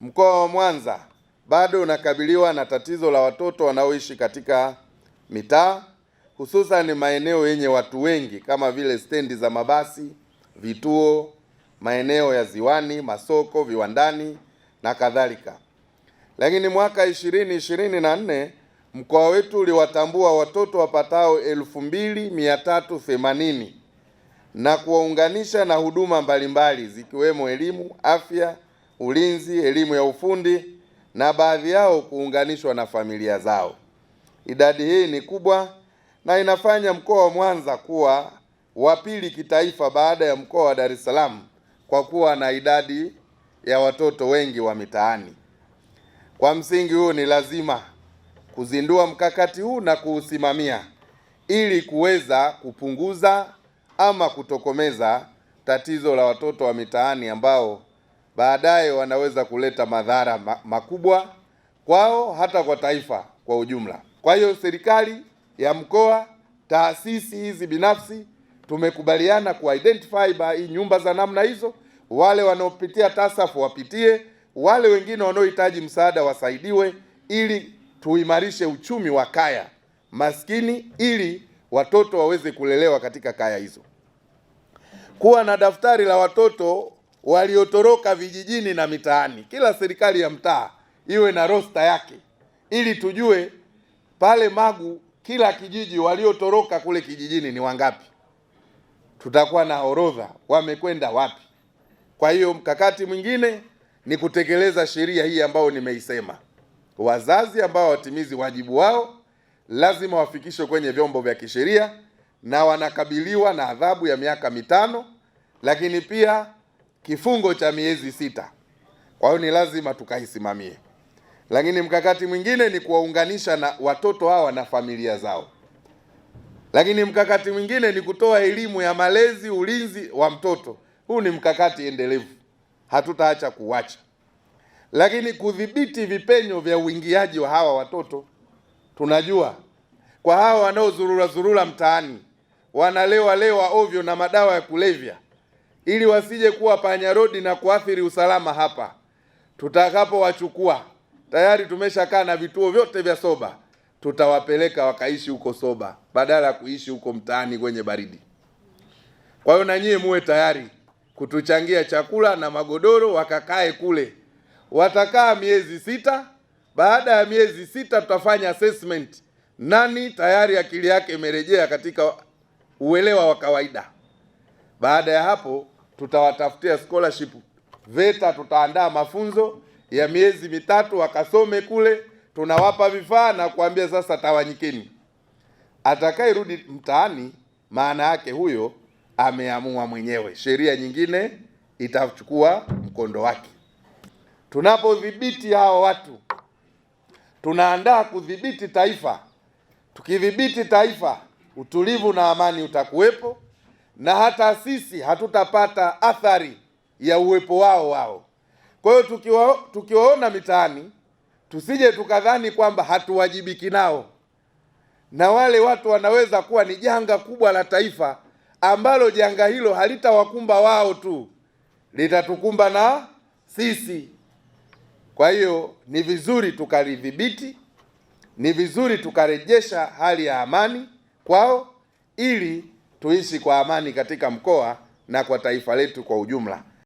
Mkoa wa Mwanza bado unakabiliwa na tatizo la watoto wanaoishi katika mitaa hususan maeneo yenye watu wengi kama vile stendi za mabasi, vituo, maeneo ya ziwani, masoko, viwandani na kadhalika. Lakini mwaka 2024 mkoa wetu uliwatambua watoto wapatao 2380 na kuwaunganisha na huduma mbalimbali zikiwemo elimu, afya ulinzi, elimu ya ufundi na baadhi yao kuunganishwa na familia zao. Idadi hii ni kubwa na inafanya mkoa wa Mwanza kuwa wa pili kitaifa baada ya mkoa wa Dar es Salaam kwa kuwa na idadi ya watoto wengi wa mitaani. Kwa msingi huu, ni lazima kuzindua mkakati huu na kuusimamia ili kuweza kupunguza ama kutokomeza tatizo la watoto wa mitaani ambao baadaye wanaweza kuleta madhara makubwa kwao, hata kwa taifa kwa ujumla. Kwa hiyo serikali ya mkoa, taasisi hizi binafsi, tumekubaliana ku identify hii nyumba za namna hizo, wale wanaopitia tasafu wapitie, wale wengine wanaohitaji msaada wasaidiwe, ili tuimarishe uchumi wa kaya maskini, ili watoto waweze kulelewa katika kaya hizo. Kuwa na daftari la watoto waliotoroka vijijini na mitaani. Kila serikali ya mtaa iwe na rosta yake, ili tujue pale Magu kila kijiji waliotoroka kule kijijini ni wangapi, tutakuwa na orodha wamekwenda wapi. Kwa hiyo mkakati mwingine ni kutekeleza sheria hii ambayo nimeisema. Wazazi ambao watimizi wajibu wao lazima wafikishwe kwenye vyombo vya kisheria na wanakabiliwa na adhabu ya miaka mitano, lakini pia kifungo cha miezi sita. Kwa hiyo ni lazima tukaisimamie, lakini mkakati mwingine ni kuwaunganisha na watoto hawa na familia zao, lakini mkakati mwingine ni kutoa elimu ya malezi, ulinzi wa mtoto. Huu ni mkakati endelevu, hatutaacha kuwacha, lakini kudhibiti vipenyo vya uingiaji wa hawa watoto. Tunajua kwa hawa wanaozurura zurura mtaani, wanalewa lewa ovyo na madawa ya kulevya ili wasije kuwa panya rodi na kuathiri usalama hapa. Tutakapowachukua tayari tumeshakaa na vituo vyote vya soba, tutawapeleka wakaishi huko soba badala ya kuishi huko mtaani kwenye baridi. Kwa hiyo na nyie muwe tayari kutuchangia chakula na magodoro, wakakae kule. Watakaa miezi sita. Baada ya miezi sita tutafanya assessment, nani tayari akili yake imerejea katika uelewa wa kawaida. Baada ya hapo tutawatafutia scholarship VETA, tutaandaa mafunzo ya miezi mitatu wakasome kule, tunawapa vifaa na kuambia sasa, tawanyikeni. Atakayerudi mtaani, maana yake huyo ameamua mwenyewe, sheria nyingine itachukua mkondo wake. Tunapodhibiti hawa watu, tunaandaa kudhibiti taifa. Tukidhibiti taifa, utulivu na amani utakuwepo na hata sisi hatutapata athari ya uwepo wao wao. Kwa hiyo tukiwa, tukiwaona mitaani tusije tukadhani kwamba hatuwajibiki nao, na wale watu wanaweza kuwa ni janga kubwa la taifa ambalo janga hilo halitawakumba wao tu, litatukumba na sisi. Kwa hiyo ni vizuri tukalidhibiti, ni vizuri tukarejesha hali ya amani kwao ili tuishi kwa amani katika mkoa na kwa taifa letu kwa ujumla.